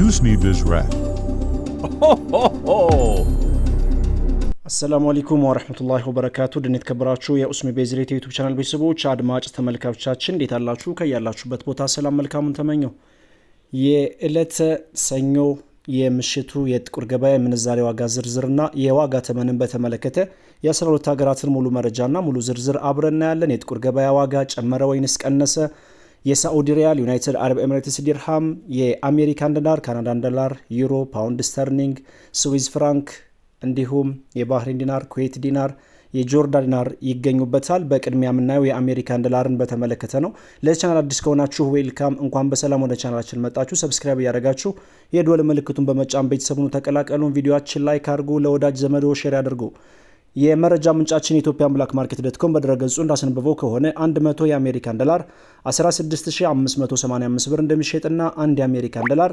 you sneed this አሰላሙ አለይኩም ወረህመቱላሂ ወበረካቱ ድን የተከበራችሁ የኡስሚ ቤዝሬት የዩቱብ ቻናል ቤተሰቦች አድማጭ ተመልካቾቻችን እንዴት አላችሁ? ከያላችሁበት ቦታ ሰላም መልካሙን ተመኘው። የዕለተ ሰኞ የምሽቱ የጥቁር ገበያ የምንዛሬ ዋጋ ዝርዝርና የዋጋ ተመንን በተመለከተ የ12 ሀገራትን ሙሉ መረጃና ሙሉ ዝርዝር አብረን እናያለን። የጥቁር ገበያ ዋጋ ጨመረ ወይንስ ቀነሰ? የሳዑዲ ሪያል፣ ዩናይትድ አረብ ኤምሬትስ ዲርሃም፣ የአሜሪካን ዶላር፣ ካናዳን ዶላር፣ ዩሮ፣ ፓውንድ ስተርሊንግ፣ ስዊዝ ፍራንክ እንዲሁም የባህሬን ዲናር፣ ኩዌት ዲናር የጆርዳን ዲናር ይገኙበታል። በቅድሚያ የምናየው የአሜሪካን ዶላርን በተመለከተ ነው። ለቻናል አዲስ ከሆናችሁ ዌልካም፣ እንኳን በሰላም ወደ ቻናላችን መጣችሁ። ሰብስክራይብ እያደረጋችሁ የደወል ምልክቱን በመጫን ቤተሰቡን ተቀላቀሉን። ቪዲዮችን ላይክ አድርጉ፣ ለወዳጅ ዘመዶ ሼር አድርጉ። የመረጃ ምንጫችን የኢትዮጵያን ብላክ ማርኬት ዶትኮም በድረገጹ እንዳስነበበው ከሆነ 100 የአሜሪካን ዶላር 16585 ብር እንደሚሸጥና 1 የአሜሪካን ዶላር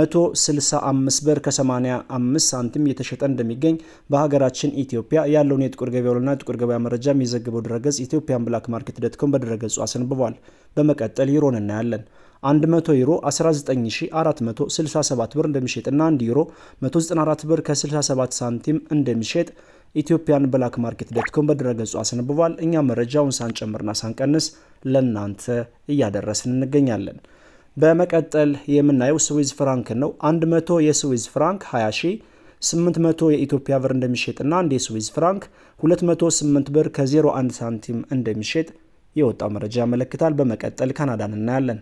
165 ብር ከ85 ሳንቲም እየተሸጠ እንደሚገኝ በሀገራችን ኢትዮጵያ ያለውን የጥቁር ገበያውንና የጥቁር ገበያ መረጃ የሚዘግበው ድረገጽ ኢትዮጵያን ብላክ ማርኬት ዶትኮም በድረገጹ አስነብቧል። በመቀጠል ዩሮን እናያለን። 100 ዩሮ 19467 ብር እንደሚሸጥና 1 ዩሮ 194 ብር ከ67 ሳንቲም እንደሚሸጥ ኢትዮጵያን ብላክ ማርኬት ዶትኮም በድረገጹ አስነብቧል። እኛ መረጃውን ሳንጨምርና ሳንቀንስ ለእናንተ እያደረስን እንገኛለን። በመቀጠል የምናየው ስዊዝ ፍራንክ ነው። 100 የስዊዝ ፍራንክ 20 ሺህ 800 የኢትዮጵያ ብር እንደሚሸጥና አንድ የስዊዝ ፍራንክ 208 ብር ከ01 ሳንቲም እንደሚሸጥ የወጣው መረጃ ያመለክታል። በመቀጠል ካናዳን እናያለን።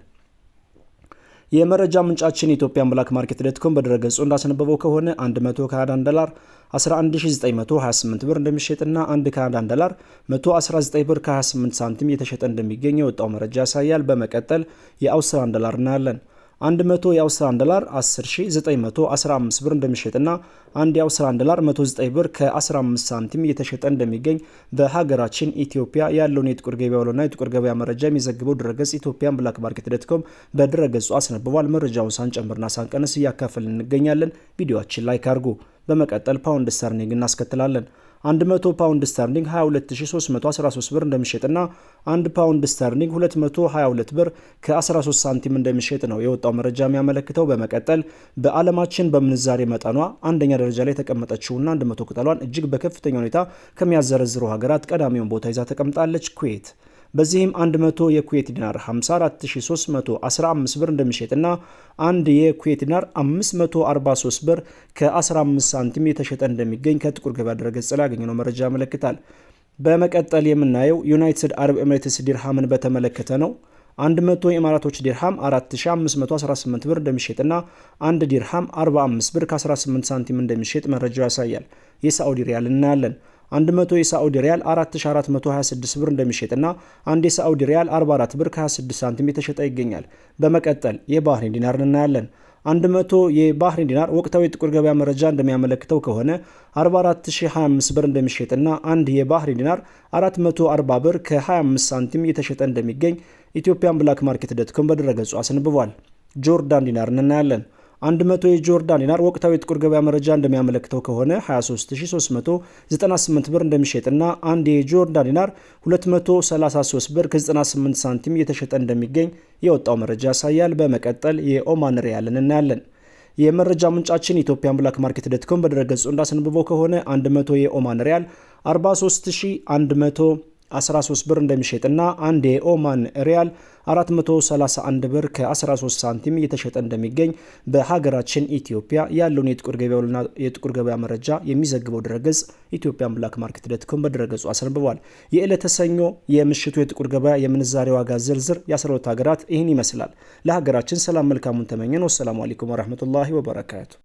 የመረጃ ምንጫችን ኢትዮጵያን ብላክ ማርኬት ዶትኮም በድረገጹ እንዳስነበበው ከሆነ 100 ካናዳን ዶላር 11928 ብር እንደሚሸጥና 1 ካናዳን ዶላር 119 ብር ከ28 ሳንቲም የተሸጠ እንደሚገኝ የወጣው መረጃ ያሳያል። በመቀጠል የአውስትራን ዶላር እናያለን። 100 የአውስትራሊያን ዶላር 10915 ብር እንደሚሸጥና አንድ የአውስትራሊያን ዶላር 109 ብር ከ15 ሳንቲም እየተሸጠ እንደሚገኝ በሀገራችን ኢትዮጵያ ያለውን የጥቁር ገበያ ውሎና የጥቁር ገበያ መረጃ የሚዘግበው ድረገጽ ኢትዮጵያን ብላክ ማርኬት ዶትኮም በድረገጹ አስነብቧል። መረጃውን ሳንጨምርና ሳንቀነስ እያካፈልን እንገኛለን። ቪዲዮችን ላይክ አድርጉ። በመቀጠል ፓውንድ ስተርሊንግ እናስከትላለን። 100 ፓውንድ ስተርሊንግ 22313 ብር እንደሚሸጥና 1 ፓውንድ ስተርሊንግ 222 ብር ከ13 ሳንቲም እንደሚሸጥ ነው የወጣው መረጃ የሚያመለክተው። በመቀጠል በዓለማችን በምንዛሬ መጠኗ አንደኛ ደረጃ ላይ የተቀመጠችውና 100 ቅጠሏን እጅግ በከፍተኛ ሁኔታ ከሚያዘረዝሩ ሀገራት ቀዳሚውን ቦታ ይዛ ተቀምጣለች ኩዌት በዚህም 100 የኩዌት ዲናር 54315 ብር እንደሚሸጥና አንድ የኩዌት ዲናር 543 ብር ከ15 ሳንቲም የተሸጠ እንደሚገኝ ከጥቁር ገበያ ድረገጽ ላይ ያገኘነው መረጃ ያመለክታል። በመቀጠል የምናየው ዩናይትድ አረብ ኤምሬትስ ዲርሃምን በተመለከተ ነው። 100 የኢማራቶች ዲርሃም 4518 ብር እንደሚሸጥና አንድ ዲርሃም 45 ብር ከ18 ሳንቲም እንደሚሸጥ መረጃው ያሳያል። የሳዑዲ ሪያል እናያለን። 100 የሳዑዲ ሪያል 4426 ብር እንደሚሸጥና አንድ የሳዑዲ ሪያል 44 ብር ከ26 ሳንቲም የተሸጠ ይገኛል። በመቀጠል የባህሬን ዲናር እናያለን። 100 የባህሬን ዲናር ወቅታዊ የጥቁር ገበያ መረጃ እንደሚያመለክተው ከሆነ 44025 ብር እንደሚሸጥና አንድ የባህሬን ዲናር 440 ብር ከ25 ሳንቲም የተሸጠ እንደሚገኝ ኢትዮጵያን ብላክ ማርኬት ዶት ኮም በድረገጹ አስንብቧል። ጆርዳን ዲናር እናያለን። 100 የጆርዳን ዲናር ወቅታዊ የጥቁር ገበያ መረጃ እንደሚያመለክተው ከሆነ 23398 ብር እንደሚሸጥና አንድ የጆርዳን ዲናር 233 ብር ከ98 ሳንቲም እየተሸጠ እንደሚገኝ የወጣው መረጃ ያሳያል። በመቀጠል የኦማን ሪያልን እናያለን። የመረጃ ምንጫችን ኢትዮጵያን ብላክ ማርኬት ዶት በድረገጹ እንዳስንብበው ከሆነ 100 የኦማን ሪያል 43100 13 ብር እንደሚሸጥና አንድ የኦማን ሪያል 431 ብር ከ13 ሳንቲም እየተሸጠ እንደሚገኝ በሀገራችን ኢትዮጵያ ያለውን የጥቁር ገበያ መረጃ የሚዘግበው ድረገጽ ኢትዮጵያን ብላክ ማርኬት ዶትኮም በድረገጹ አስነብቧል። የዕለተ ሰኞ የምሽቱ የጥቁር ገበያ የምንዛሬ ዋጋ ዝርዝር የ12 ሀገራት ይህን ይመስላል። ለሀገራችን ሰላም መልካሙን ተመኘን። ወሰላሙ አሌይኩም ወረህመቱላሂ ወበረካቱ